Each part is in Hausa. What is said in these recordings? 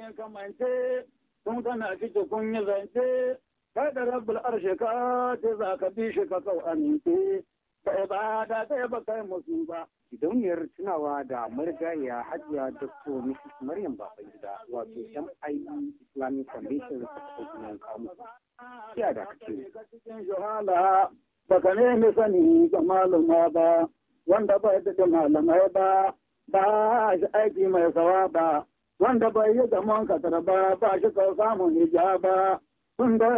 in kamance kun kana shi kun yi zance kai da rabbul arshe ka ce za ka bi shi ka kau amince ba ibada ta ba kai tunawa da marigaya hajiya dr mrs maryam Gida, wato mim e islamic foundation ta kuma kamu ya da kace johala baka ne sani ga malama ba wanda ba da malamai ba ba aiki mai sawa ba wanda bai yi zaman kasar ba ba shi ka samun ijaba sun da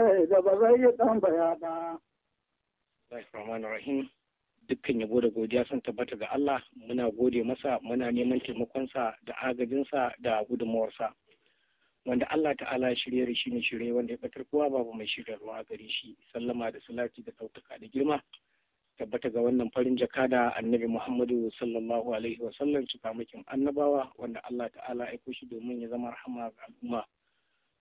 ba zai yi tambaya ba. Bismillahirrahmanirrahim. Dukkan yabo da godiya sun tabbata ga Allah muna gode masa muna neman taimakonsa da agajinsa da gudunmawarsa. Wanda Allah ta'ala shirye shi ne shirye wanda ya batar kowa babu mai shirya ruwa gare shi sallama da salati da ɗaukaka da girma tabbata ga wannan farin jaka da annabi Muhammadu sallallahu alaihi wasallam cikamakin annabawa wanda Allah ta'ala aiko shi domin ya zama rahama ga al'umma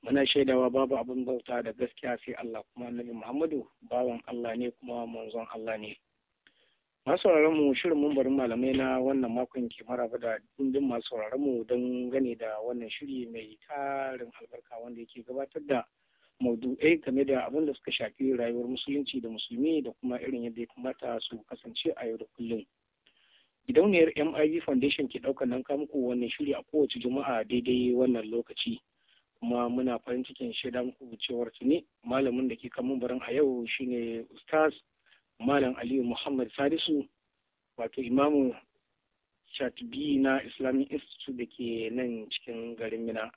muna shaidawa babu abin bauta da gaskiya sai Allah kuma annabi Muhammadu bawan Allah ne kuma manzon Allah ne masu mu shirin mumbarin malamai na wannan makon ke maraba da dundun masu mu don gane da wannan shiri mai tarin albarka wanda yake gabatar da maudu'ai game da abin da suka shafi rayuwar musulunci da musulmi da kuma irin yadda ya kamata su kasance a yau da kullum. Gidauniyar MIV Foundation ke ɗaukar nan muku wannan shiri a kowace juma'a daidai wannan lokaci. Kuma muna farin cikin shaida muku cewar tuni malamin da ke kan barin a yau shine Ustaz Malam Aliyu Muhammad Sadisu wato imamu Chatbi na Islamic Institute da ke nan cikin garin Mina.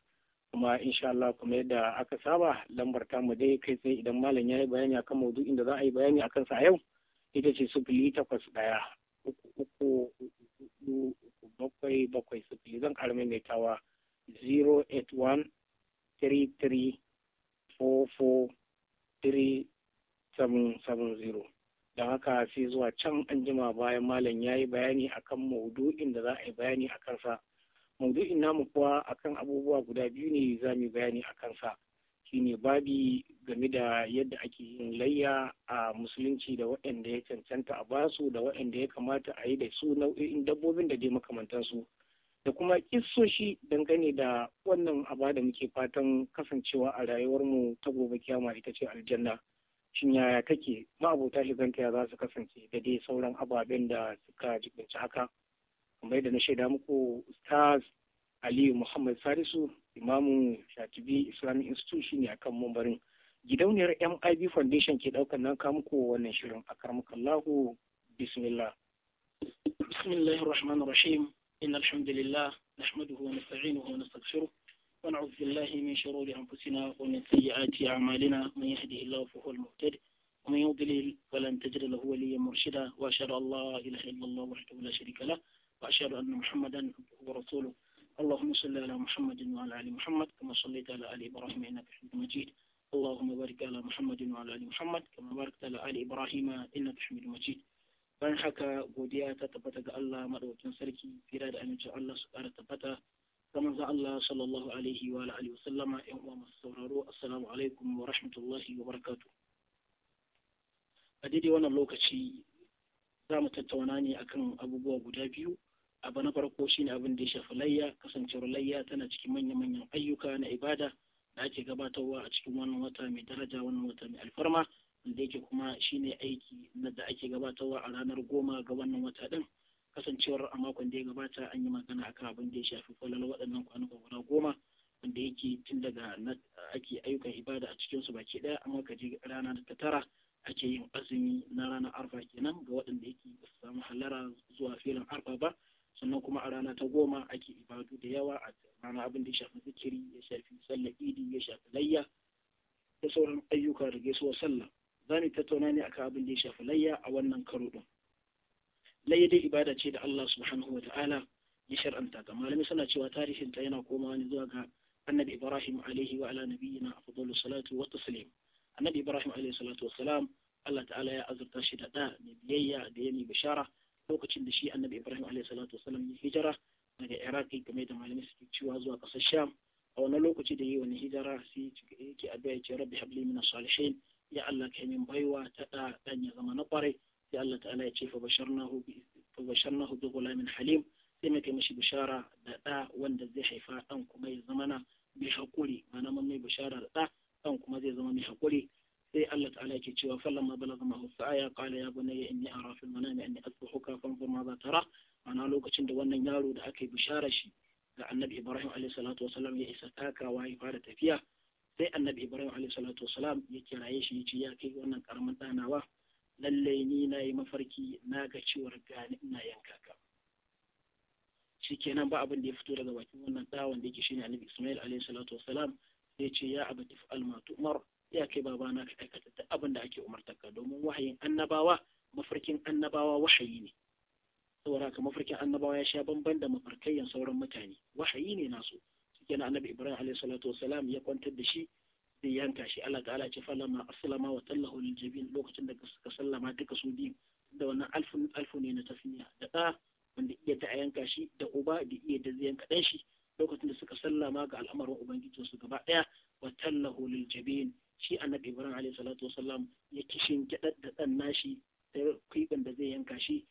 kuma insha Allah kuma yadda aka saba lambar tamu dai kai tsaye idan malam ya yi bayani akan maudu'in da za a yi bayani a kansa a yau ita ce sufili takwas ɗaya uku uku uku uku bakwai bakwai sufili zan ƙara maimaitawa zero eight one three three four four three seven seven zero don haka sai zuwa can anjima bayan malam ya yi bayani akan maudu'in da za a yi bayani a kansa maudu'in namu kuwa akan abubuwa guda biyu ne za mu bayani a kansa shine babi game da yadda ake yin layya a musulunci da waɗanda ya cancanta a basu da waɗanda ya kamata a yi da su nau'o'in dabbobin da dai makamantansu da kuma kissoshi dangane da wannan aba da muke fatan kasancewa a rayuwarmu ta gobe kyama ita ce aljanna shin yaya kake ma'abota shiganta ya za su kasance da dai sauran ababen da suka jibinci haka kamar yadda na shaida muku ustaz aliyu muhammad salisu imamu shatibi islamic institute shine akan mambarin gidauniyar mib foundation ke daukan nan ka muku wannan shirin a karmakallahu bismillah bismillahir rahmanir rahim inna alhamdulillah nahmaduhu wa nasta'inuhu wa nastaghfiruh wa na'udhu billahi min shururi anfusina wa min sayyiati a'malina man yahdihillahu fa huwal muhtadi ومن يضلل فلن تجد له وليا مرشدا واشهد ان لا اله الا الله وحده لا شريك له وأشهد أن محمدا ورسوله اللهم صل على محمد وعلى آل محمد كما صليت على آل إبراهيم إنك حميد مجيد اللهم بارك على محمد وعلى آل محمد كما باركت على آل إبراهيم إنك حميد مجيد bayan haka godiya ta tabbata ga Allah madaukakin sarki fira da amincin Allah su ƙara tabbata ga manzon Allah sallallahu alaihi wa alihi wa sallama ƴan uwa masu sauraro assalamu alaikum wa rahmatullahi wa barakatuh a daidai wannan lokaci za mu tattauna ne akan abubuwa guda biyu abu na farko shine abin da ya shafi layya kasancewar layya tana cikin manya-manyan ayyuka na ibada da ake gabatarwa a cikin wannan wata mai daraja wannan wata mai alfarma da yake kuma shine aiki da ake gabatarwa a ranar goma ga wannan wata din kasancewar a makon da ya gabata an yi magana akan abin da ya shafi kwallon waɗannan kwanuka guda goma wanda yake tun daga ake ayyukan ibada a cikinsu baki ɗaya an ka je rana ta tara ake yin azumi na ranar arfa kenan ga waɗanda yake ba su samu halara zuwa filin arfa ba sannan kuma a rana ta goma ake ibadu da yawa a rana abin da ya shafi zikiri ya shafi sallar idi ya shafi layya da sauran ayyuka da gaisuwa sallah za mu tattauna ne akan abin da ya shafi layya a wannan karo din layya dai ibada ce da Allah subhanahu wa ta'ala ya shar'anta ta malami suna cewa tarihin ta yana komawa ne zuwa ga annabi Ibrahim alaihi wa ala nabiyyina afdalus salatu wa taslim annabi Ibrahim alaihi salatu wa salam Allah ta'ala ya azurta shi da da biyayya da yami bishara lokacin da shi annabi ibrahim alaihi salatu wasallam ya hijira daga iraki game da malamai suke cewa zuwa kasar sham a wani lokaci da yi wani hijira sai yake addu'a ya ce rabbi habli min salihin ya allah ka min baiwa ta da dan ya zama na kwarai sai allah ta'ala ya ce fa basharnahu bi ghulamin halim sai mai kai mishi bishara da da wanda zai haifa dan kuma ya zama na mai hakuri ma'ana mun mai bishara da da dan kuma zai zama mai hakuri sai Allah ta'ala ke cewa fallan ma balagha ma husaya qala ya bunayya inni ara fil manami anni aka yi bishara shi ga annabi ibrahim alaihi salatu wasalam ya isa takawa ya fara tafiya sai annabi ibrahim alaihi salatu wasalam ya kiraye shi ya ce ya kai wannan karamin ɗanawa lallai ni na yi mafarki na ga cewar gani ina yanka ka shi kenan ba abin da ya fito daga bakin wannan ɗa wanda yake shine annabi ismail alaihi salatu wasalam sai ce ya abu tif almatumar ya kai babana ka aikata duk abin da ake umartaka domin wahayin annabawa mafarkin annabawa wahayi ne saboda haka mafarkin annabawa ya sha bamban da mafarkayyan sauran mutane wahayi ne nasu suke na annabi ibrahim alaihi salatu wasalam ya kwantar da shi zai yanka shi Allah ta'ala ce falama aslama wa tallahu lil jabin lokacin da suka sallama duka su biyu da wannan alfun alfu ne na tafiya. da da wanda iya ta yanka shi da uba da iya da zai yanka dan shi lokacin da suka sallama ga al'amarin ubangijin su gaba daya wa tallahu lil jabin shi annabi ibrahim alaihi salatu wasalam ya kishin kidar da dan nashi da kuiban da zai yanka shi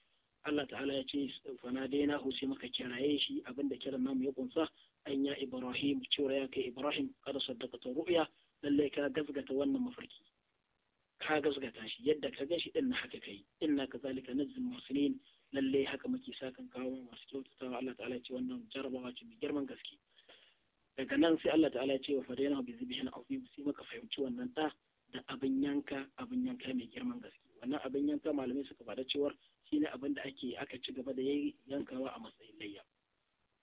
Allah ta'ala ya ce fana daina hu sai muka kiraye shi abinda kiran namu ya kunsa an ya Ibrahim cewa ya kai Ibrahim kada ta ru'ya lallai ka gazgata wannan mafarki ka gazgata shi yadda ka ga shi din na haka kai inna kazalika nazzil muhsinin lallai haka muke sakan kawo masu kyautatawa Allah ta'ala ce wannan jarabawa ce mai girman gaske daga nan sai Allah ta'ala ce wa fadaina bi zibihin azim sai maka fahimci wannan da da abin yanka abin yanka mai girman gaske wannan abin yanka malamai suka faɗa cewar shi ne abin da ake aka ci gaba da yankawa a matsayin layya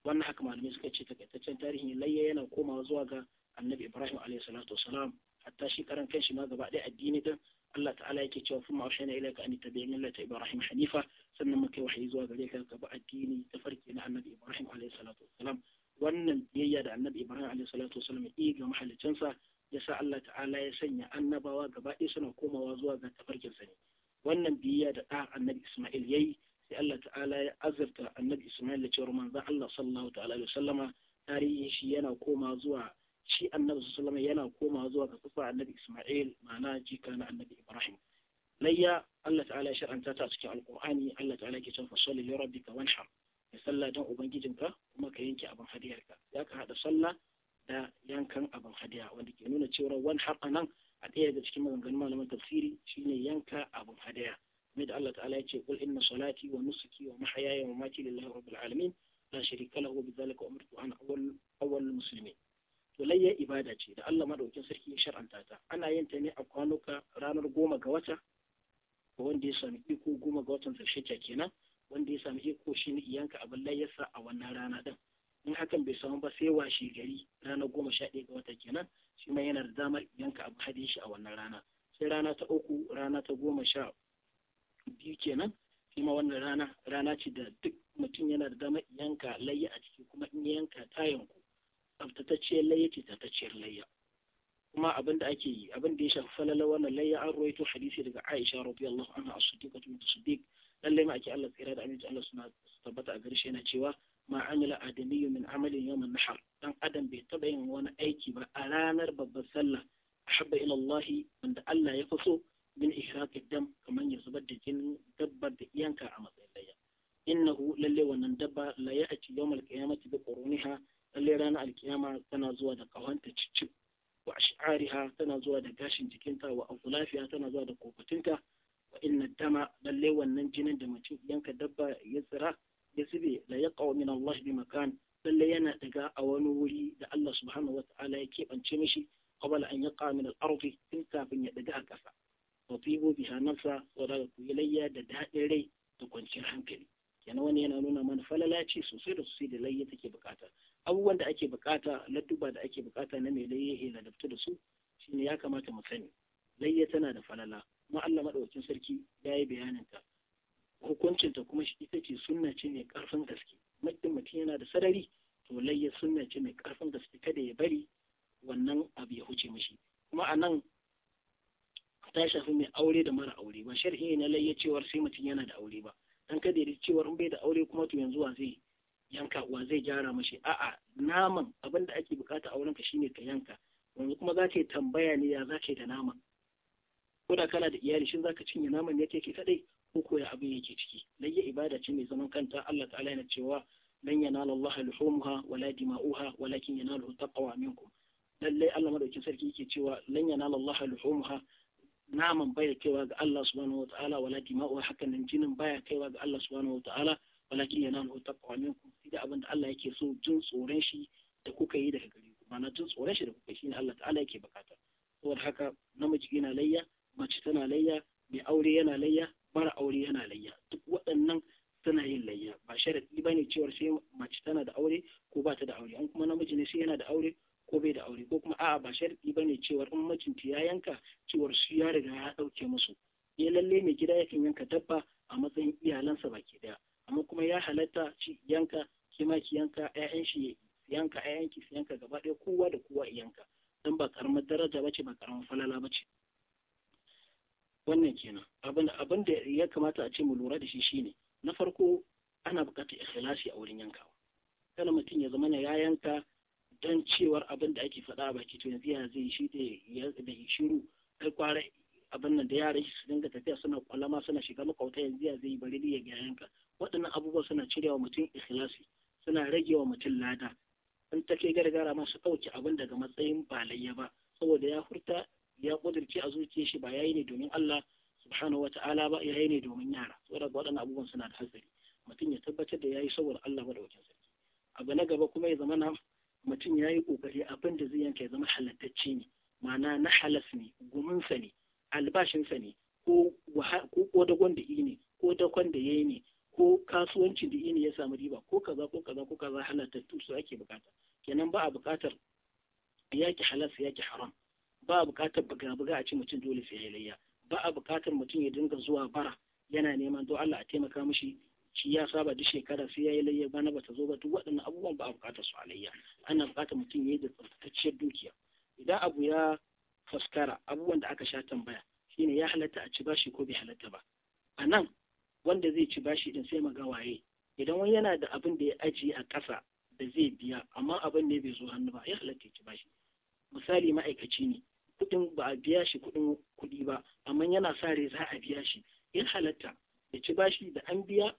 wannan haka malamai suka ce takaitaccen tarihin layya yana komawa zuwa ga annabi ibrahim alayhi salatu wasalam hatta shi karan kanshi ma gaba ɗaya addini din Allah ta'ala yake cewa kuma aushe na ilaika an tabi millata ibrahim hanifa sannan muka wahayi zuwa gare ka gaba addini ta na annabi ibrahim alayhi salatu wasalam wannan biyayya da annabi ibrahim alayhi salatu wasalam ya ga mahallicinsa ya sa Allah ta'ala ya sanya annabawa gaba ɗaya suna komawa zuwa ga tafarkinsa ne wannan biyayya da ɗa annabi Ismail ya yi sai Allah ta'ala ya azurta annabi Ismail da cewar manzon Allah sallallahu ta'ala alaihi wasallama tarihin shi yana koma zuwa shi annabi sallallahu alaihi yana koma zuwa ga kufa annabi Ismail ma'ana jika na annabi Ibrahim layya Allah ta'ala ya shar'anta ta cikin alqur'ani Allah ta'ala ke cewa fasalli li rabbika mai ya salla dan ubangijinka kuma ka yanke abin hadiyarka ya ka hada sallah da yankan abin hadiya wanda ke nuna cewa wanhar anan a ɗaya daga cikin maganganun malaman tafsiri shine yanka abun hadaya mai da Allah ta'ala ya ce kul inna salati wa nusuki wa mahayaya wa mamati lillahi rabbil alamin la sharika lahu wa bidhalika umirtu an awwal awwal muslimin to layya ibada ce da Allah madaukin sarki ya shar'anta ta ana yin ta ne a kwanuka ranar goma ga wata ga wanda ya sami iko goma ga watan ta kenan wanda ya sami iko shi shine yanka abin layyarsa a wannan rana din in hakan bai samu ba sai washe gari ranar goma sha ɗaya ga wata kenan shi ma yana da damar yanka abu hadin shi a wannan rana sai rana ta uku rana ta goma sha biyu kenan shi ma wannan rana rana ce da duk mutum yana da damar yanka layya a ciki kuma in yanka ta yanku tsaftatacciyar layya ce tacciyar layya kuma abin da ake yi abin da ya shafi falala wannan layya an ruwaito hadisi daga Aisha radiyallahu anha as-siddiqatu bint siddiq lalle ma ake Allah tsira da aminci Allah suna tabbata a garshe yana cewa ma amila adamiyu min amalin yawmin nahar dan adam bai taba yin wani aiki ba a ranar babbar sallah ahabba ila Allah wanda Allah ya faso min ihraqid dam kaman ya zubar da jinin dabbar da iyanka a matsayin layya innahu lalle wannan dabba la ya'ti yawmal qiyamati bi quruniha lalle ranar alkiyama tana zuwa da kawanta cicci wa ash'ariha tana zuwa da gashin jikinta wa afulafiya tana zuwa da kofatinta wa inna dama lalle wannan jinin da mutum yanka dabba ya tsira yasbe la yaqaw min Allah bi makan lalle yana daga a wani wuri da Allah subhanahu wataala ya keɓance mishi kabala an yaqa min al-ardi tun kafin ya daga a ƙasa wa tibu biha nafsa wa da kulayya da daɗin rai da kwanciyar hankali kenan wani yana nuna mana falala ce sosai da sosai da layya take bukata abubuwan da ake bukata ladduba da ake bukata na mai layya ya ladabta da su shine ya kamata mu sani layya tana da falala kuma Allah madaukakin sarki ya yi bayanin ta hukuncinta kuma shi ita ce sunna ce mai ƙarfin gaske mutum mutum yana da sarari to layya sunna ce mai ƙarfin gaske kada ya bari wannan abu ya huce mishi kuma a nan ta shafi mai aure da mara aure ba sharhi na layya cewar sai mutum yana da aure ba dan kada ya cewar in bai da aure kuma to yanzu wa zai yanka wa zai gyara mashi a'a naman abin da ake bukata a wurinka shine ka yanka yanzu kuma za ta tambaya ne ya za ta da nama? ko da kana da iyali shin za ka cinye naman ne ke kadai ko koya abin yake ciki layya ibada ce mai zaman kanta Allah ta'ala yana cewa lan yanala Allah luhumha wala dima'uha walakin yanaluhu taqwa minkum lalle Allah madaukin sarki yake cewa lan yanala Allah luhumha naman baya kaiwa ga Allah subhanahu wataala wala dima'uha hakan nan jinin baya kaiwa ga Allah subhanahu wataala walakin yanaluhu taqwa minkum sai da abin da Allah yake so jin tsoron shi da kuka yi daga gare ku ma'ana jin tsoron shi da kuka yi shine Allah ta'ala yake bukata saboda haka namiji yana layya mace tana layya mai aure yana layya mara aure yana layya duk waɗannan suna yin layya ba sharadi ba ne cewar sai mace tana da aure ko ba ta da aure an kuma namiji ne sai yana da aure ko bai da aure ko kuma a'a ba sharadi ba ne cewar in mijinta ya yanka cewar su ya riga ya ɗauke musu ya eh, lalle mai gida ya yakan yanka dabba a matsayin iyalansa baki daya amma kuma ya halatta ci yanka kima ki yanka ƴaƴan shi yanka ƴaƴan ki yanka gaba ɗaya kowa da kowa yanka dan ba karamar daraja bace ba karamar falala bace wannan kenan abin da ya kamata a ce mu lura da shi shine na farko ana buƙatar ikhlasi a wurin yankawa kana mutum ya zama ya yanka don cewar abin da ake faɗa a baki to yanzu ya zai shi da ya shiru kai kware abin nan da yaran shi su dinga tafiya suna kwalama suna shiga makauta yanzu ya zai bari ya ga yanka waɗannan abubuwa suna cirewa mutum ikhlasi suna rage wa mutum lada in ta kai gargara ma su ɗauki abin daga matsayin balayya ba saboda ya furta ya kudirce a zuciyar shi ba ya yi ne domin Allah subhanahu wata'ala ba ya yi ne domin yara saboda waɗannan abubuwan suna da hatsari mutum ya tabbatar da yayi saboda Allah ba madaukakin sarki abu na gaba kuma ya zama na mutum ya yi kokari abin da zai yanka ya zama halattacce ne ma'ana na halas ne guminsa ne albashinsa ne ko ko dagon da ne ko dakon da yayi ne ko kasuwancin da ne ya samu riba ko kaza ko kaza ko kaza halattattu su ake bukata kenan ba a bukatar yaki halas yaki haram ba a buƙatar buga-buga a ce mutum dole sai ya layya ba a buƙatar mutum ya dinga zuwa bara yana neman don Allah a taimaka mishi shi ya saba duk shekara sai ya yi layya bana bata zo ba duk waɗannan abubuwan ba a buƙatar su a layya ana bukatar mutum ya yi da tsaftatacciyar dukiya idan abu ya faskara abubuwan da aka sha tambaya shine ya halatta a ci bashi ko bai halatta ba a nan wanda zai ci bashi din sai maga waye idan wani yana da abin da ya ajiye a ƙasa da zai biya amma abin ne bai zo hannu ba ya halatta ya ci bashi misali ma'aikaci ne kuɗin ba a biya shi kuɗin kuɗi ba amma yana sa rai za a biya shi in halatta ya ci bashi da an biya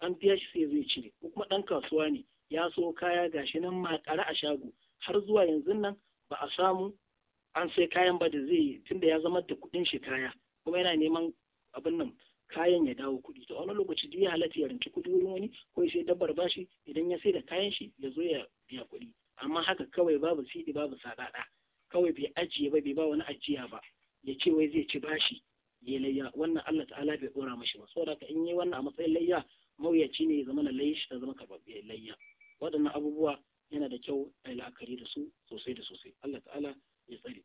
an biya shi sai zai cire ko kuma ɗan kasuwa ne ya so kaya gashi nan makare a shago har zuwa yanzu nan ba a samu an sai kayan ba da zai yi tunda ya zama da kuɗin shi kaya kuma yana neman abin nan kayan ya dawo kuɗi to wani lokaci duk ya halatta ya rinci kuɗi wurin wani ko sai dabbar bashi idan ya sai da kayan shi ya zo ya biya kuɗi amma haka kawai babu sidi babu sadada kawai bai ajiye ba bai ba wani ajiya ba ya ce wai zai ci bashi ya layya wannan Allah ta'ala bai dora mashi ba saboda ka in yi wannan a matsayin layya mawuyaci ne ya zama na layya shi ta zama karɓaɓɓiyar layya waɗannan abubuwa yana da kyau a yi la'akari da su sosai da sosai Allah ta'ala ya tsare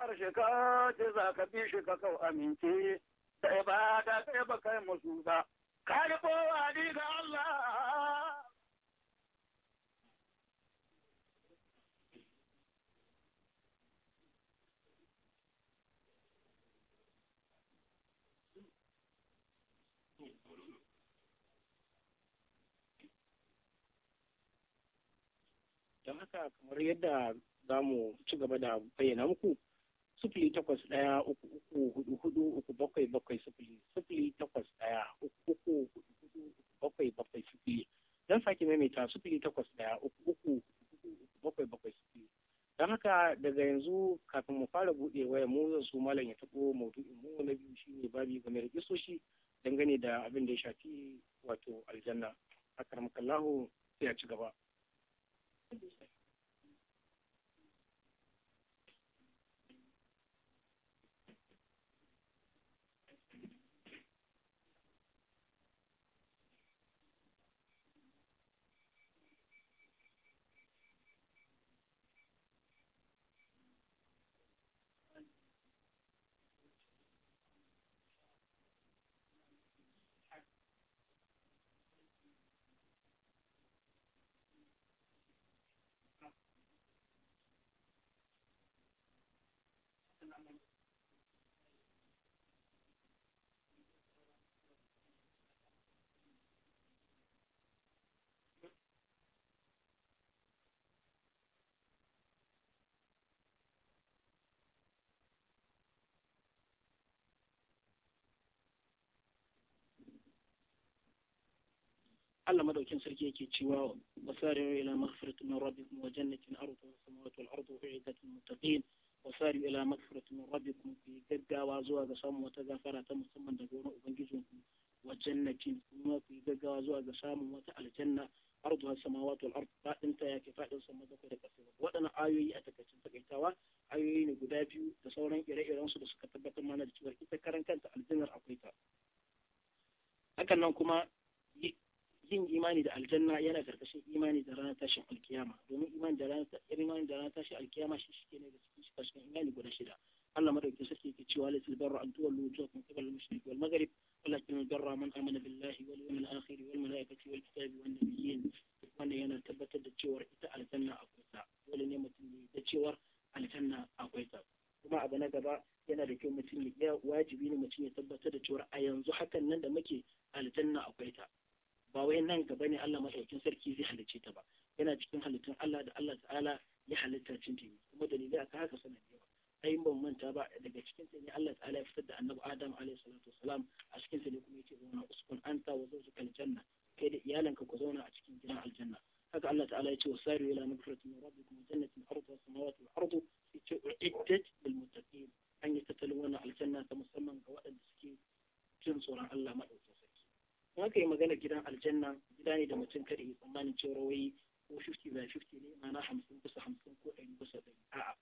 arshi ka ce za ka bi shi ka kau amince ba ibada kai ba kai musu ba ka kowa ni ga Allah don haka kamar yadda za mu ci gaba da bayyana muku sifili takwas ɗaya uku uku hudu hudu uku bakwai bakwai sifili sifili takwas ɗaya uku uku hudu hudu uku bakwai bakwai sifili don sake maimaita sifili takwas ɗaya uku uku hudu uku bakwai bakwai sifili don haka daga yanzu kafin mu fara buɗe waya mu zan so malam ya taɓo maudu'in mu na biyu shi ne babi game da kisoshi dangane da abin da ya shafi wato aljanna akarmakallahu sai a ci gaba. Allah madaukin sarki yake cewa wasari'u ila maghfiratin min rabbikum wa jannatin arduha samawati wal ardu u'iddat lil muttaqin ila min rabbikum fi gaggawa zuwa ga samun wata gafara ta musamman daga wurin ubangijinku wa jannatin kuma ku gaggawa zuwa ga samun wata aljanna arduha samawati wal ardu fadin ta yake fadin sama da kai da kasa ayoyi a takaicin takaitawa ayoyi ne guda biyu da sauran ire-iren su da suka tabbatar mana da cewa ita karan kanta aljannar akwai ta hakan nan kuma yin imani da aljanna yana karkashin imani da ranar tashin alkiyama domin imani da ranar imani da ranar tashin alkiyama shi shike ne da cikin shi tashin imani guda shida Allah madaukakin sarki yake cewa laysa barra an tuwallu wujuhakum qibala al-mashriq wal maghrib walakin al-barra man amana billahi wal yawmil akhir wal malaikati wal kitabi wan nabiyyin wannan yana tabbatar da cewa ita aljanna akwai ta dole ne mutum ne da cewa aljanna akwai ta kuma abu na gaba yana da kyau mutum ya wajibi ne mutum ya tabbatar da cewa a yanzu hakan nan da muke aljanna akwai ta ba wai nan gaba ne Allah madaukakin sarki zai halicce ta ba yana cikin halittun Allah da Allah ta'ala ya halitta cin ta kuma dalilai aka haka sanar da yawa ai ban manta ba daga cikin ta ne Allah ta'ala ya fitar da annabi Adam alaihi salatu wasalam a cikin ta ne kuma yace zauna uskun anta wa zawjuka aljanna kai da iyalanka ku zauna a cikin gidan aljanna haka Allah ta'ala ya ce wasari ila magfiratin min rabbikum jannatin arduha as-samawati wal ardu iddat lil muttaqin an yatatalwana aljanna ta musamman ga waɗanda suke jin tsoron Allah madaukakin in aka yi magana gidan aljanna gida ne da mutum kada ya tsammanin cewa wai ko 50 by 50 ne ma'ana 50 kusa 50 ko 100 kusa 100 a'a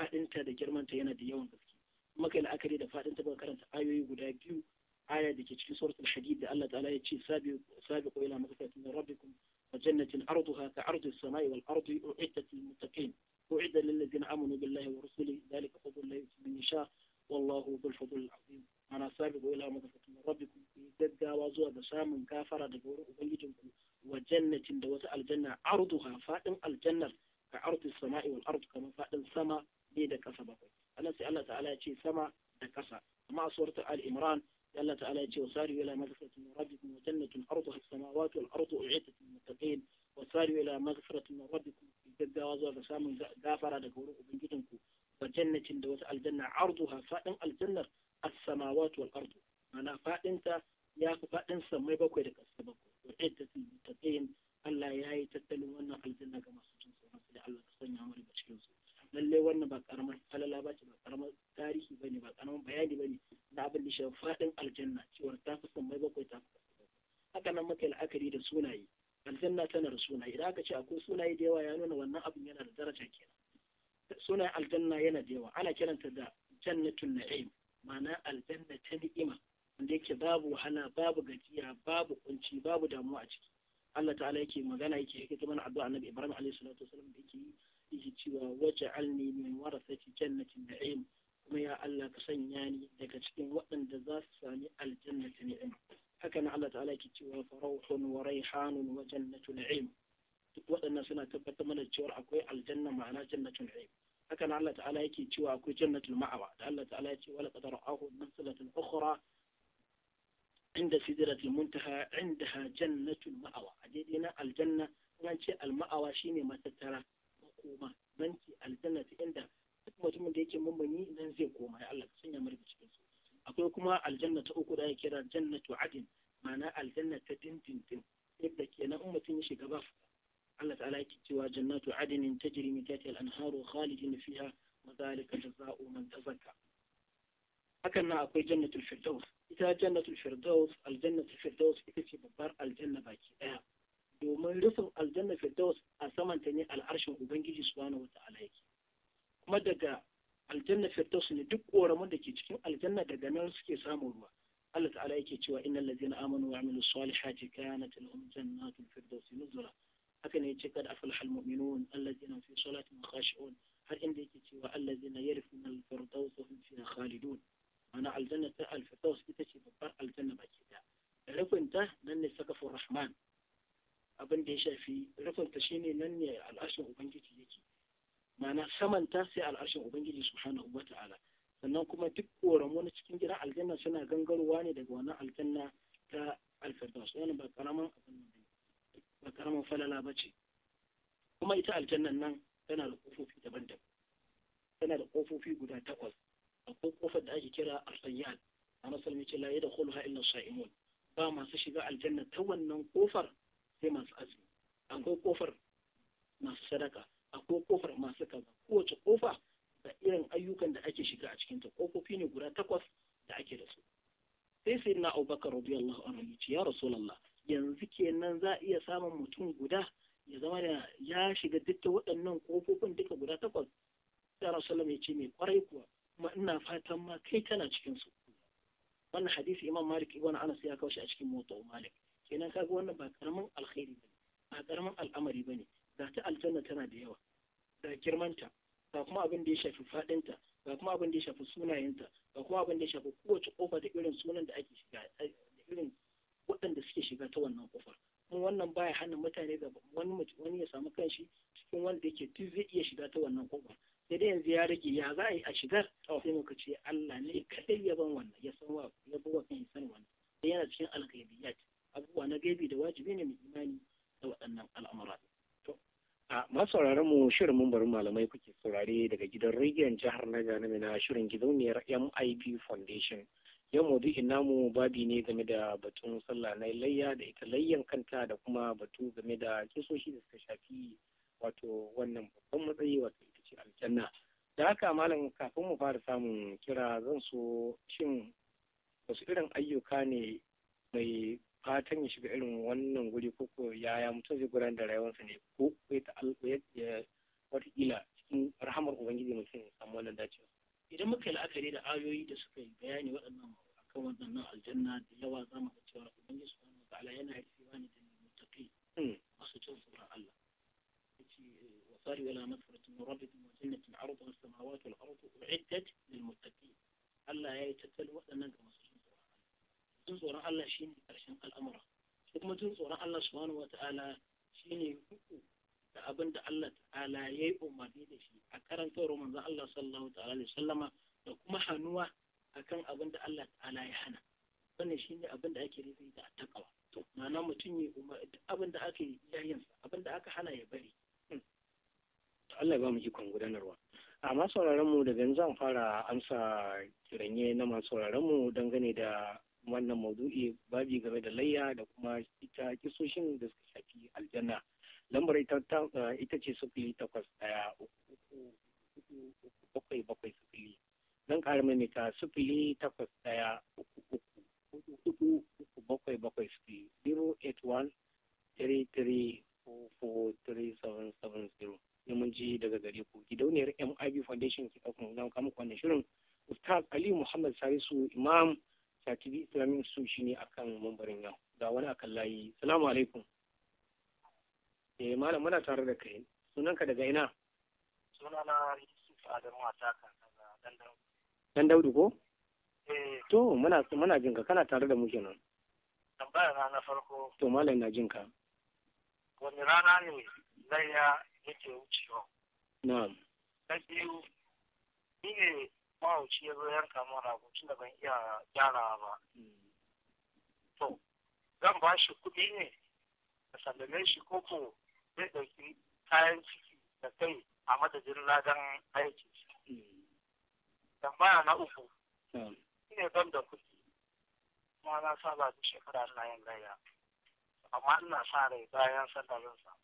fadinta da girmanta yana da yawan gaske maka kai la'akari da faɗinta ba karanta ayoyi guda biyu aya da ke cikin suratul hadid da Allah ta'ala ya ce ko ila maghfiratin min rabbikum wa jannatin arduha ka ardu as-sama'i wal ardi u'iddat lil muttaqin u'idda lil ladzina amanu billahi wa rusulihi dhalika fadlu llahi yu'tihi man yasha wallahu dhul fadli al-'azim ana sabiqu ila magfirin rabbikum ku gaggawa zuwa ga samun gafara daga wurin ubangijinku wa jannatin da wata aljanna arduha fadin aljannar ka ardu sama'i wal ardu fadin sama ne da kasa bakwai Allah sai Allah ta'ala ya ce sama da kasa amma a suratul al-imran Allah ta'ala ya ce wa sari'u ila magfiratin rabbikum wa jannatin arduha samawati wal ardu u'idat lil muttaqin wa sari'u ila magfiratin rabbikum gaggawa zuwa ga samun gafara daga wurin ku wa jannatin da wata aljanna arduha fadin aljannar as-samawati wal ardu ana fadin ya fi fadin samai bakwai da ƙasa bakwai wa idda ta tsayin Allah ya yi tattalin wannan aljanna ga masu jin tsoron da Allah ta sanya mu cikin su lalle wannan ba karamar falala ba ce ba karamar tarihi bane ba karamar bayani bane na abin da shi fadin aljanna cewa ta fi samai bakwai ta fi haka nan muka la'akari da sunaye aljanna tana da sunaye idan aka ce akwai sunaye da yawa ya nuna wannan abin yana da daraja kenan sunan aljanna yana da yawa ana kiranta da jannatul na'im ma'ana aljanna ta ni'ima wanda yake babu wahala babu gajiya babu kunci babu damuwa a ciki Allah ta'ala yake magana yake yake ta mana addu'a annabi Ibrahim alaihi salatu wasallam da yake yake cewa waj'alni min warasati jannati na'im kuma ya Allah ka sanya ni daga cikin waɗanda za su sami aljanna ta haka nan Allah ta'ala yake cewa farauhun wa raihanun wa jannatu na'im duk waɗannan suna tabbatar mana cewa akwai aljanna ma'ana jannatu na'im haka na Allah ta'ala yake cewa akwai jannatul ma'awa da Allah ta'ala ya ce wala qad ra'ahu mansalatan ukhra inda sidratul muntaha indaha jannatul ma'awa a daidai na aljanna an ce alma'awa shine matattara makoma banki aljanna ta inda duk mutumin da yake mummuni nan zai koma ya Allah sanya mu daga cikin su akwai kuma aljanna ta uku da ake kira jannatu adin ma'ana aljanna ta dindindin yadda kenan in mutum ya shiga ba Allah ta'ala yake cewa jannatu adinin ta jirimi tahtiha al-anharu khalidin fiha wa zalika jazaa'u man tazakka hakan nan akwai jannatul firdaus ita jannatul firdaus aljannatul firdaus ita ce babbar aljanna baki daya domin rufin aljanna firdaus a saman ta ne al'arshin ubangiji subhanahu wata'ala yake kuma daga aljanna firdaus ne duk koramun da ke cikin aljanna daga nan suke samun ruwa Allah ta'ala yake cewa innal ladzina amanu wa amilus solihati kanat lahum jannatul firdaus nuzula haka ne ce kada aflahal mu'minun allazina fi salatihim khashi'un har inda yake cewa allazina yarifuna al-firdaus hum fiha khalidun ana aljanna ta al-firdaus ita ce babbar aljanna baki da rufin ta nan ne sakafu rahman abin da ya shafi rufin ta shine nan ne al'arshin ubangiji yake ma'ana saman ta sai al'arshin ubangiji subhanahu wata'ala sannan kuma duk koramu na cikin gidan aljanna suna gangarowa ne daga wannan aljanna ta al-firdaus yana ba karaman abin nan ba karamin falala ba ce kuma ita aljannan nan tana da kofofi daban-daban tana da kofofi guda takwas akwai kofar da ake kira arsayyan a masalmi ce la da kulha illa sha'imun ba masu shiga aljanna ta wannan kofar sai masu azumi akwai kofar masu sadaka akwai kofar masu kaza kowace kofa da irin ayyukan da ake shiga a cikinta kofofi ne guda takwas da ake da su sai sai na abubakar radiyallahu anhu ya rasulallah ya yanzu kenan za a iya samun mutum guda ya zama da ya shiga duka waɗannan kofofin duka guda takwas ya Rasulullah ya ce mai kwarai kuwa kuma ina fatan ma kai tana cikin su wannan hadisi Imam Malik ibn Anas ya kawo shi a cikin Muwatta Malik kenan kaga wannan ba karamin alkhairi bane ba karamin al'amari bane da ta aljanna tana da yawa da girmanta ga kuma abin da ya shafi fadinta ga kuma abin da ya shafi sunayenta ga kuma abin da ya shafi kowace kofa da irin sunan da ake shiga da irin waɗanda suke shiga ta wannan kofar kuma wannan baya hannun mutane ga wani mutum wani ya samu kanshi cikin wanda yake duk zai iya shiga ta wannan kofar sai dai yanzu ya rage ya za a yi a shigar oh. sai muka ce Allah ne kadai ya ban wannan ya san wa ya buwa kan ya san wannan sai yana cikin alghaibiyat abubuwa na gaibi da wajibi ne mu imani da waɗannan al'amura to a masauraran mu shirin mun bari malamai kuke saurare daga gidan rigiyar jihar Niger na shirin gidauniyar MIP Foundation yau maudu'in namu babi ne game da batun sallah na layya da ita layyan kanta da kuma batun game da kisoshi da suka shafi wato wannan babban matsayi wato ita ce aljanna da haka malam kafin mu fara samun kira zan so shin wasu irin ayyuka ne mai fatan ya shiga irin wannan guri ko ko yaya mutum zai gudanar da rayuwarsa ne ko ya wataƙila cikin rahamar ubangiji mutum ya samu wannan dacewa idan muka yi la'akari da ayoyi da suka yi bayani waɗannan akan waɗannan aljanna da yawa za mu ga cewa ubangiji subhanahu wa ta'ala yana rufewa ne da muttaqi masu cin tsoron Allah yace wa sari wala maghfiratin min rabbikum wa jannatin 'arduha as-samawati wal ardu u'iddat lil muttaqin Allah ya yi tattalin waɗannan ga masu cin tsoron Allah cin tsoron Allah shine karshen al'amura shi kuma cin tsoron Allah subhanahu wa ta'ala shine hukuku da abin da Allah ta'ala ya yi umarni da shi a roman za Allah sallallahu ta'ala da sallama da kuma hannuwa kan abin da Allah ta'ala ya hana wannan shine abin da ake nufi da takawa to ma'ana mutum ya umarni abin da aka yi yayin abin da aka hana ya bari hmm. Allah ba mu ikon gudanarwa a masu mu daga zan fara amsa kiranye na masu mu dangane da wannan maudu'i babi game da layya da kuma ita kisoshin da suka shafi aljanna lambar ita eh, ce sufili takwas ɗaya bakwai bakwai sufili zan ƙara maimaita sufili takwas ɗaya uku uku hudu uku bakwai bakwai sufili zero eight one three three four four three seven seven zero ne mun ji daga gare ku gidauniyar MIB Foundation ke ɗaukar zan kama kwanan shirin Ustaz Ali Muhammad Salisu Imam Shatibi Islamic Institute shine akan mambarin yau ga wani akan layi salamu alaikum eh malam muna tare da kai Sunan ka daga ina sunana Yusuf Adamu Ataka daga Dan Daudu Dan Daudu ko eh to muna muna jin ka kana tare da mu kenan tambaya na na farko to malam na jin ka wani rana ne layya yake wucewa na'am na biyu ni ne mahauci ya zo yanka min ragoci da ban iya gyarawa ba hmm. to zan ba shi kuɗi ne a sallame shi koko zai ɗauki kayan ciki da kai a madadin ladan aiki. Tambaya na uku, shi ne ban da kuɗi, kuma na saba duk shekara ina yin gaya, amma ina sa rai bayan sandalin zan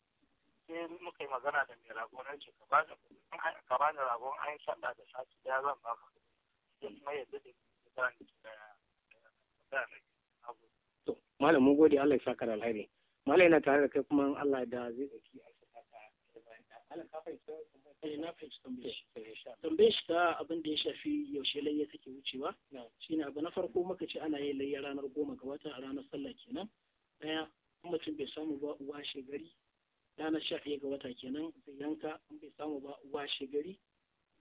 sai muka yi magana da mai rago na ce ka ba ni ragon an yi sanda da sati ya zan ba ka ya kuma yadda da da da da ya mala yana tare da kai kuma Allah da zai tsaki a tambaye eh, eh, shi ta abin da ya shafi yaushe layya take wucewa shine abu na farko muka ce ana yin layya ranar goma ga wata a ranar sallah kenan daya mutum bai samu ba uwa shegari ranar sha ga wata kenan zai yanka in bai samu ba uwa shegari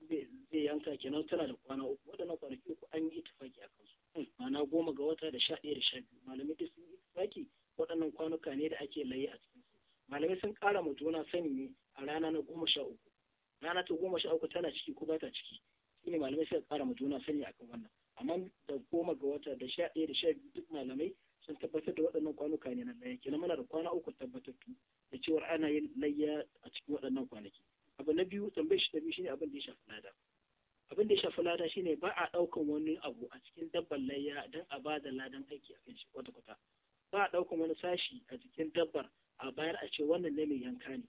zai yanka kenan tana da kwana uku waɗannan kwanaki uku an yi itifaki a kansu hmm. ma'ana goma ga wata da sha ɗaya da sha biyu malamai sun yi itifaki waɗannan kwanuka ne da ake layi a cikin su malamai sun ƙara mu juna sani ne a rana na goma sha uku rana ta goma sha uku tana ciki ko ba ta ciki shine malamai suka ƙara mu juna sani akan wannan amma da goma ga wata da sha ɗaya da sha biyu duk malamai sun tabbatar da waɗannan kwanuka ne na layya kenan muna da kwana uku tabbatattu da cewar ana yin layya a cikin waɗannan kwanaki abu na biyu tambayar shi ta biyu shine abin da ya shafi lada abin da ya shafi lada shine ba a ɗaukan wani abu a cikin dabban layya don a ba da ladan aiki a kan shi kwata kwata ba a ɗaukan wani sashi a jikin dabbar a bayar a ce wannan na mai yanka ne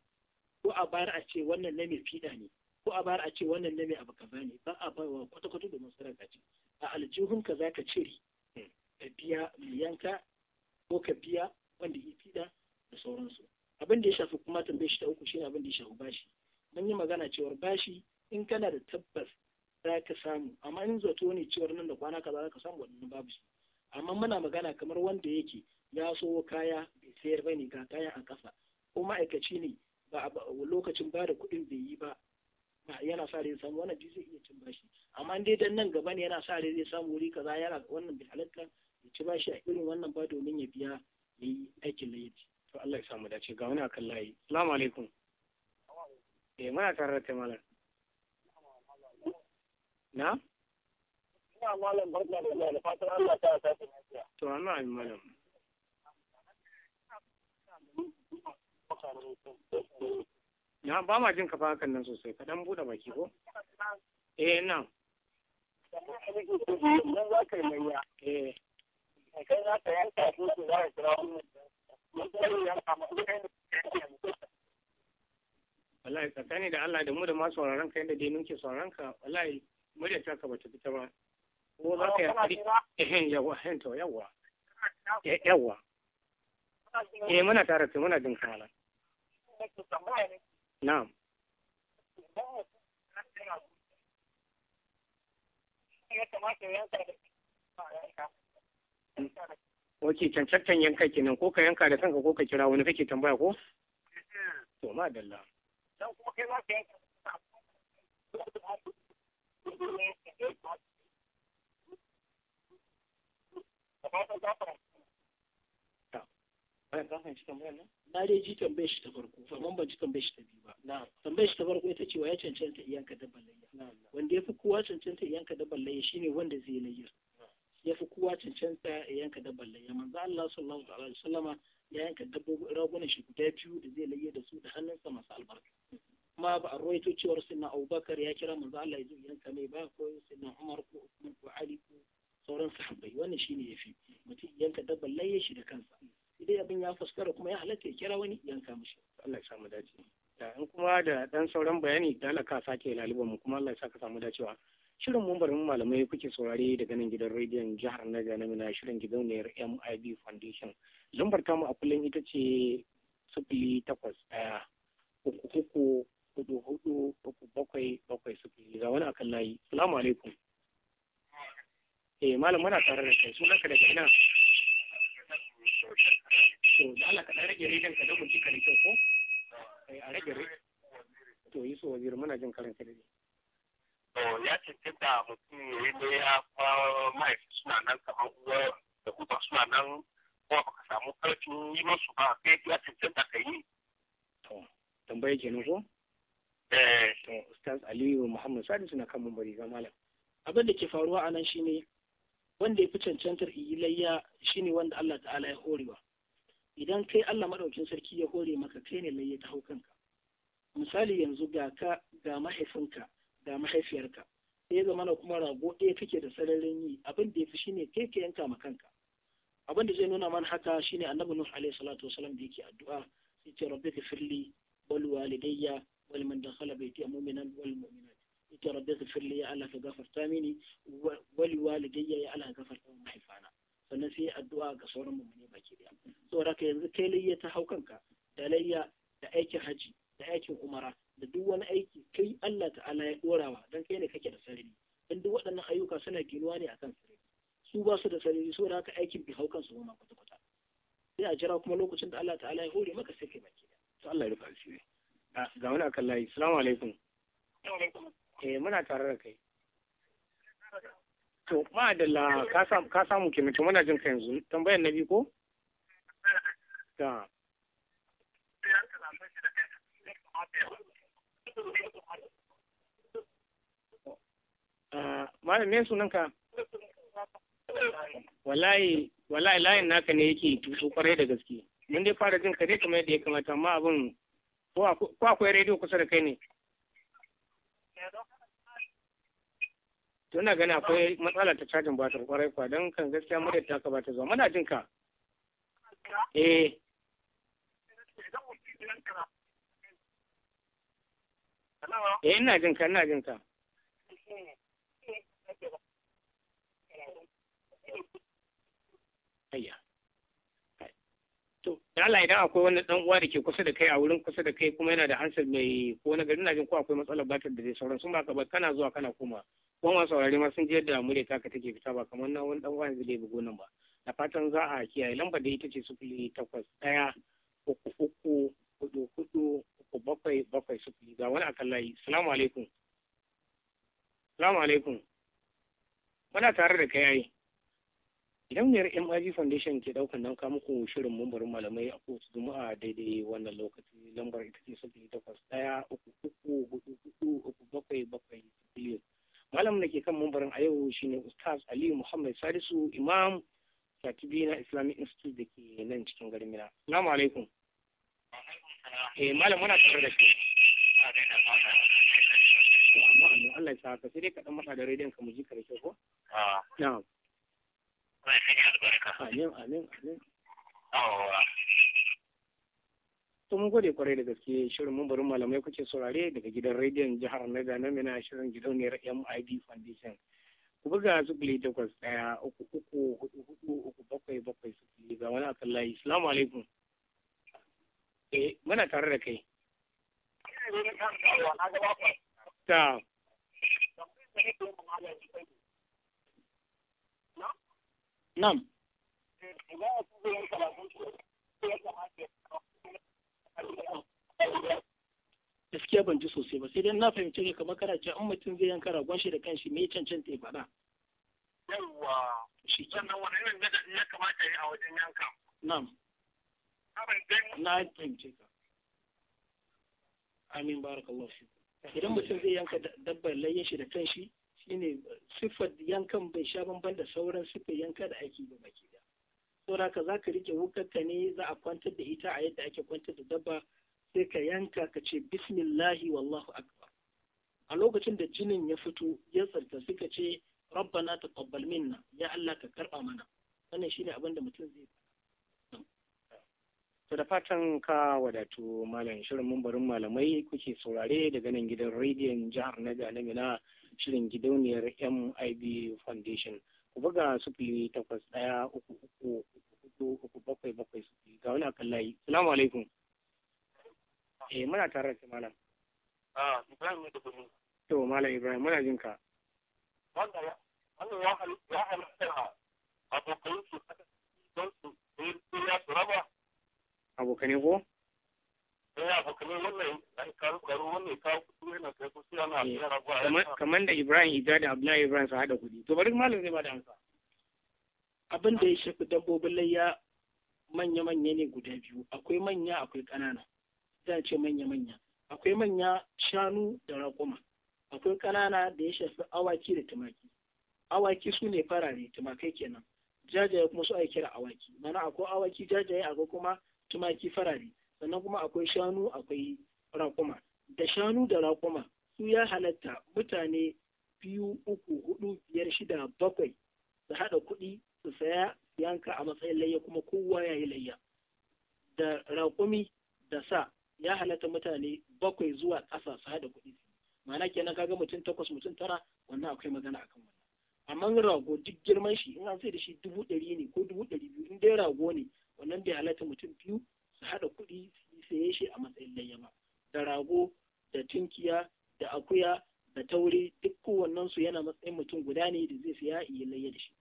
ko a bayar a ce wannan na mai fiɗa ne ko a bayar a ce wannan na mai abu kaza ne ba a bayarwa kwata-kwata domin sadaka ce a aljihun ka ka cire eh, ka biya mai yanka ko ka biya wanda ya fiɗa da sauransu abin da ya shafi kuma tambaye shi ta uku shine abin da ya shafi bashi mun yi magana cewar bashi in kana da tabbas za ka samu amma in zato ne cewar nan da kwana kaza za ka samu wannan babu shi amma muna magana kamar wanda yake ya so kaya bai sayar ba ne ga kaya a kasa ko ma'aikaci ne ba lokacin ba da kuɗin bai yi ba yana sa rai samu wannan zai iya cin bashi amma dai dan nan gaba ne yana sa rai zai samu wuri kaza yana wannan bai halatta ya ci bashi a irin wannan ba domin ya biya ya yi aikin laifi to Allah ya samu dace ga wani akan layi assalamu alaikum eh muna tare da kai na ina malam barka da Allah da fatan Allah ta sa ta lafiya to annabi malam Na ba ma jin kafa hakan nan sosai, ka dan buɗe baki ko? Eh nan. Idan za ka yi manya. Eh. Kai yanka su su za ka kira Wallahi tsakani da Allah da mu da masu sauraron ka yadda dai nuke sauraron ka wallahi muryar ta ka bata fita ba. Ko za ka yi hakuri? Eh yawa, yawa. Yawa. Eh muna tare muna jin kamala. nake cancantan yanka kenan ko ka yanka da kanka ko ka kira wani kake tambaya ko? To ma Dan kuma ka yanka. tambayar nan? na dai ji tambayar shi ta farko amma ban ji tambayar shi ta biyu ba na tambayar shi ta farko ita ce wa ya cancanta iyanka dabban layya wanda ya fi kowa cancanta iyanka dabban layya shine wanda zai layya ya fi kowa cancanta yanka dabban layya manzo Allah sallallahu alaihi wasallam ya yanka dabbobin ragunan shi guda biyu da zai layya da su da hannunsa masu albarka kuma ba a rawaito cewar sunna Abubakar ya kira manzo Allah ya zo yanka mai ba ko sunna Umar ko Uthman ko Ali ko sauran sahabbai wannan shine yafi mutum yanka dabban layya shi da kansa idan abin ya fuskara kuma ya halatta ya kira wani yanka shi Allah ya samu dace in kuma da dan sauran bayani da Allah ka sake laliban mu kuma Allah ya saka samu dacewa shirin mun bari malamai kuke saurare daga nan gidan rediyon jihar Najeriya na mina shirin gidauniyar MIB Foundation lambar tamu a kullum ita ce sifili takwas ɗaya uku uku hudu hudu uku bakwai bakwai sifili ga wani akan layi salamu alaikum eh malam muna tare da kai sunanka daga ina to da Allah ka rage ka ji ko eh, a rage rediyon to yi muna jin karin da to ya mutum ya yi ne ya fa suna nan kamar uwa da kuma suna nan kuma ka samu karfin yi musu ba kai ya cancanta ka yi to tambaye kenan ko eh to ustaz aliyu muhammad sadisu na kan bari ga malam abin da ke faruwa a nan shine wanda ya fi cancantar ilayya shine wanda Allah ta'ala ya horewa idan kai Allah maɗaukin sarki ya hore maka kai ne layya ta hau kanka misali yanzu ga ka ga mahaifinka ga mahaifiyarka sai ga mana kuma rago ɗaya kake da sararin yi abin da ya fi shine kai ka yanka ma kanka abin da zai nuna mana haka shine annabi nuh alaihi salatu wasalam da yake addu'a sai ce rabbi firli wal walidayya wal man dakhala baiti mu'minan wal mu'minat ita rabbi ghafir li ya Allah ka gafarta mini wali walidayya ya Allah ka gafarta min mahaifana sannan sai addu'a ga sauran mummune baki daya saboda ka yanzu kai layya ta hau kanka da layya da aikin haji da aikin umara da duk wani aiki kai Allah ta'ala ya dorawa dan kai ne kake da sarari dan duk waɗannan ayyuka suna ginuwa ne akan sarari su ba su da sarari saboda haka aikin bi hau kansu ma kwata kwata sai a jira kuma lokacin da Allah ta'ala ya hore maka sai kai baki daya to Allah ya rufa asiri ga wani akan layi assalamu alaikum eh muna tare da kai to ma la ka samu ka samu kenan to muna jin ka yanzu tambayar na biyu ko da ah, Malam sunan ka? Wallahi wallahi layin naka ne yake tuso kwarai da gaske. Mun dai fara jin ka dai kamar yadda ya kamata amma abin ko akwai rediyo kusa da kai ne? tuna gani akwai matsala ta cajin batir kwarai kwa don kan gaskiya murya ta ka bata zuwa muna jin ka eh eh ina jin ka ina jin ka Allah idan akwai wani dan uwa da ke kusa da kai a wurin kusa da kai kuma yana da hansar mai ko na gari na jin ko akwai matsalar batar da zai sauran sun baka ba kana zuwa kana koma kuma masu saurare ma sun da yadda murya ka take fita ba kamar na wani dan uwa yanzu da ya bugo nan ba da fatan za a kiyaye lambar da ita ce sufuri takwas ɗaya uku uku hudu hudu uku bakwai bakwai sufuri ga wani akan layi salamu alaikum salamu alaikum muna tare da kai yayi gidauniyar mrg foundation ke daukan nan muku shirin mambarin malamai a kowace juma'a daidai wannan lokaci lambar ita ce sufuri takwas daya uku uku hudu hudu uku bakwai bakwai sufuri malam da ke kan mambarin a yau shine ustaz aliyu muhammad salisu imam katibi na islamic institute da ke nan cikin garin mina salamu alaikum eh malam muna tare da kai Allah ya sa ka sai dai ka dan masa da rediyon ka mu ji karshe ko ah. na'am Allah ya sanya amin amin amin to mun gode kwarai da gaske shirin mun bari malamai kuke saurare daga gidan rediyon jihar Naga na mina shirin gidauniyar MID Foundation ku buga sufuri takwas ɗaya uku uku hudu hudu uku bakwai bakwai sufuri ga wani akan layi salamu alaikum eh muna tare da kai ta Nam. Gaskiya ban ji sosai ba sai dai na fahimci ne kamar kana cewa in mutum zai yanka ragon shi da kanshi me cancanta ya faɗa. Yawwa. Shi ke. Sannan wani irin gada ya kamata ya yi a wajen yanka. Nam. Na fahimci ka. Amin barakallahu fi. Idan mutum zai yanka dabbar layin shi da kanshi shine siffar yankan bai sha bamban da sauran siffar yanka da ake yi baki da saboda ka za ka rike ka ne za a kwantar da ita a yadda ake kwantar da dabba sai ka yanka ka ce bismillahi wallahu akbar a lokacin da jinin ya fito ya tsarka suka ce rabbana taqabbal minna ya Allah ka karba mana wannan shine abin da mutum zai To da fatan ka wadatu malam shirin Barin malamai kuke saurare daga nan gidan rediyon jihar na Alamina shirin gidauniyar MIB Foundation. Ku buga sufuri takwas ɗaya uku uku hudu uku bakwai bakwai sufuri ga wani akan layi. Salamu alaikum. Eh muna tare da malam. Ah, Ibrahim da To malam Ibrahim muna jin ka. Wannan ya ya halatta abokan su don su ya su raba. Abokanai ko? kamar da Ibrahim Ija da Abdullahi Ibrahim su haɗa kuɗi to bari malam zai bada amsa abin da ya shafi dabbobin layya manya-manya ne guda biyu akwai manya akwai ƙanana za ce manya-manya akwai manya shanu da raƙuma akwai ƙanana da ya shafi awaki da tumaki awaki su ne farare tumakai kenan jajaye kuma su ake kira awaki mana akwai awaki jajaye akwai kuma tumaki farare sannan kuma akwai shanu akwai rakuma da shanu da rakuma su ya halatta mutane biyu uku hudu biyar shida bakwai su haɗa kuɗi su saya yanka a matsayin layya kuma kowa ya yi layya da rakumi da sa ya halatta mutane bakwai zuwa ƙasa su haɗa kuɗi ma'ana kenan kaga mutum takwas mutum tara wannan akwai magana akan wannan amma rago duk girman shi in an sai da shi dubu ɗari ne ko dubu ɗari biyu in dai rago ne wannan bai halatta mutum biyu su haɗa kuɗi su saye shi a matsayin layyama da rago da tunkiya da akuya da taure duk kowannen su yana matsayin mutum guda ne da zai saya iya layya da shi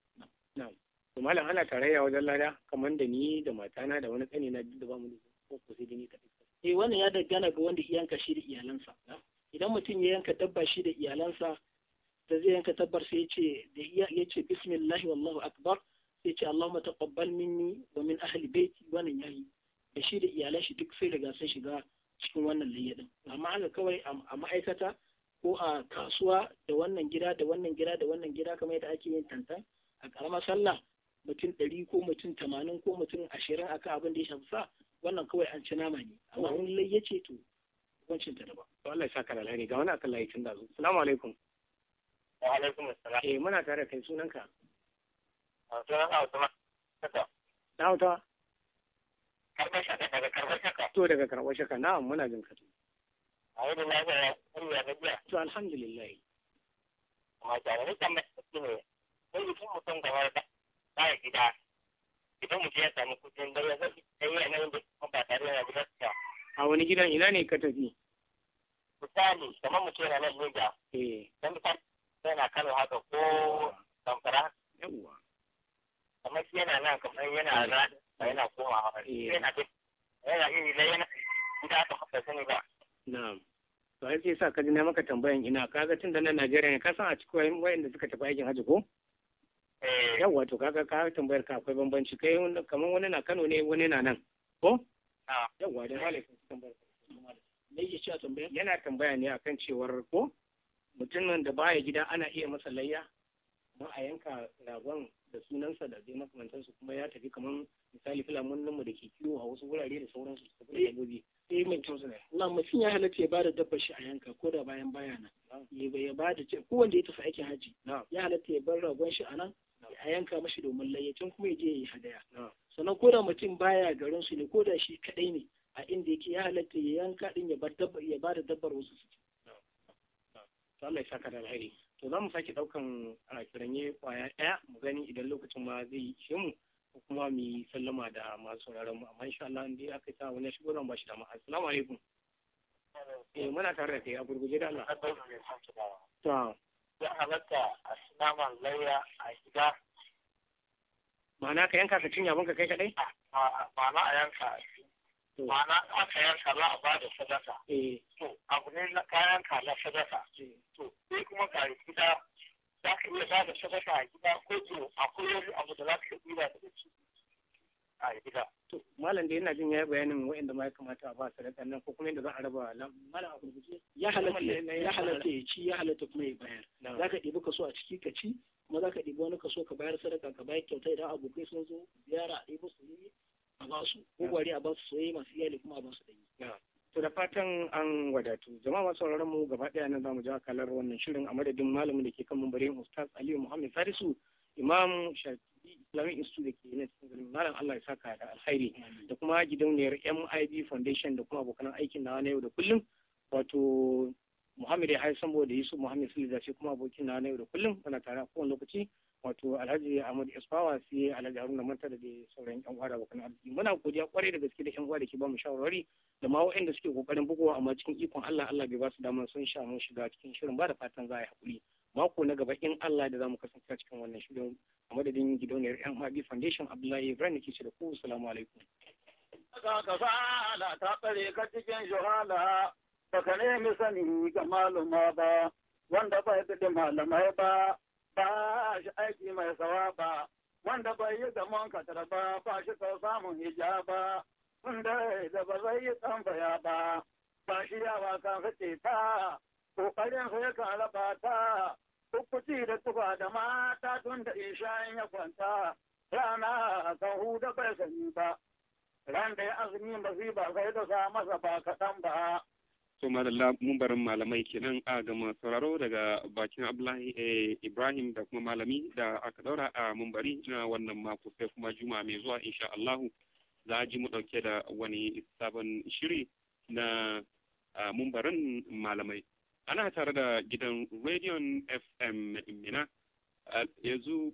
na'am to malam ana tarayya wajen lada kamar da ni da matana da wani tsani na duk da bamu da ko ko sai dai ni kaɗai eh wannan ya dangana ga wanda iyanka shi da iyalansa idan mutum ya yanka dabba shi da iyalansa da zai yanka tabbar sai ce da ya ce bismillahi wallahu akbar sai ce allahumma taqabbal minni wa min ahli baiti wannan yayi da shi da iyalan shi duk sai riga sun shiga cikin wannan layya din amma haka kawai a ma'aikata ko a kasuwa da wannan gida da wannan gida da wannan gida kamar yadda ake yin tantan a karama sallah mutum ɗari ko mutum tamanin ko mutum ashirin akan abin da ya shafi sa wannan kawai an ci nama ne amma in layya ce to hukuncin ta daban. to Allah ya saka da alheri ga wani akan layi tun da zo salamu alaikum. wa alaikum assalam. eh muna tare da kai sunanka. sunan Hausa. Na Hausa. To daga karɓar shaka na'am muna jin ka. A To alhamdulillah. wani a wani gidan ina ne ka tafi? Misali kamar mutum yana nan Lagos. Eh. Dan misali yana Kano haka ko Zamfara. Yawwa. Kamar shi yana nan kamar yana eh. Rada. yana komawa eh. yana bin yana iri lai yana guda ta sani ba na'am to ai sai sa ka ji na maka tambayan ina kaga tun da nan Najeriya ne ka san a cikin da suka tafi aikin hajji ko eh. yawwa to kaga ka tambayar ka akwai bambanci kai kamar wani na Kano ne wani na nan ko ah. yawwa da malamin tambayar ka, me yake cewa tambaya yana tambaya ne akan cewar ko mutumin da baya gida ana iya masa layya kuma a yanka ragon da sunansa da makamantar su kuma ya tafi kamar misali filamun nan mu da ke kiwo a wasu wurare da sauransu su tafi da gobe eh mai kyau sana na mutum ya halatta ya ba da dabbar shi a yanka ko da bayan baya nan ya ba da ko wanda ya tafi aikin haji ya halatta ya bar ragon shi a nan a yanka mashi domin layyacin kuma ya je ya yi hadaya sannan ko da mutum baya garin su ne ko da shi kadai ne a inda yake ya halatta ya yanka din ya ba da dabbar wasu su Allah ya saka da alheri to za mu sake ɗaukan kiranye kwaya ɗaya mu gani idan lokacin ma zai yi ishe mu ko kuma mu yi sallama da masu sauraron mu amma insha Allah dai aka sa wani shigo zan bashi dama assalamu alaikum eh muna tare da kai a gurguje da Allah to ya halatta a alayya a gida ma'ana ka yanka ka cinya abin ka kai kadai ma'ana a yanka ma'ana aka kayan za a ba da sadaka eh. to abu ne na kayan ka na sadaka eh. to sai kuma ga gida za ka iya ba da sadaka a gida ko to akwai wani abu da za ka iya ba da shi a gida to malam da yana jin yayi bayanin wa'anda ma ya kamata a ba sadaka nan ko kuma yadda za a raba malam abu ya halatta ya halatta ya ci ya halatta kuma ya bayar za ka ɗebi kaso a ciki ka ci kuma za ka ɗebi wani kaso ka bayar sadaka ka bayar kyauta idan abokai sun zo ziyara a ɗebi su yi a ba su ko gwari a ba su soyayya masu iyali kuma a ba su ɗanyi. To da fatan an wadatu jama'a masu sauraron mu gaba ɗaya nan za mu ja kalar wannan shirin a madadin malamin da ke kan mumbari Ustaz Aliyu Muhammad Farisu, Imam Shafi Islamic Institute da ke na cikin garin Malam Allah ya saka da alkhairi da kuma gidauniyar MIB Foundation da kuma abokan aikin na yau da kullum wato Muhammad ya haisan da Yusuf Muhammad Sulu da kuma abokin na yau da kullum muna tare a kowane lokaci wato alhaji ahmad isfawa sai alhaji haruna manta da sauran yan uwa da abokan arziki muna godiya kwarai da gaske da yan uwa da ke ba shawarwari da ma waɗanda suke kokarin bugowa amma cikin ikon Allah Allah bai ba su damar sun sha mun shiga cikin shirin ba da fatan za a yi hakuri mako na gaba in Allah da zamu kasance cikin wannan shirin a madadin gidauniyar yan Mabi Foundation Abdullahi Ibrahim ke ce da ku assalamu alaikum ka fa'ala ta tsare ka cikin baka nemi sani ga maluma ba wanda ba da malamai ba ba shi aiki mai ba. wanda bai yi da munkatar ba ba shi sau samun hijaba wanda da ba zai yi tambaya ba ba shi yawa kan fice ta kokarin su yakan raba ta kukkuci da tufa da mata tun da ishayin ya kwanta rana kan huda bai sani ba ran da ya azumi ba sai ba sai da sa masa ba kaɗan ba to madalla mumbarin malamai kenan a gama sauraro daga bakin abdullahi eh, ibrahim da kuma malami da aka daura a mumbari na wannan mako sai kuma juma mai zuwa insha allahu za a ji mu dauke da wani sabon shiri na mumbarin malamai ana tare da gidan rediyon fm mina yanzu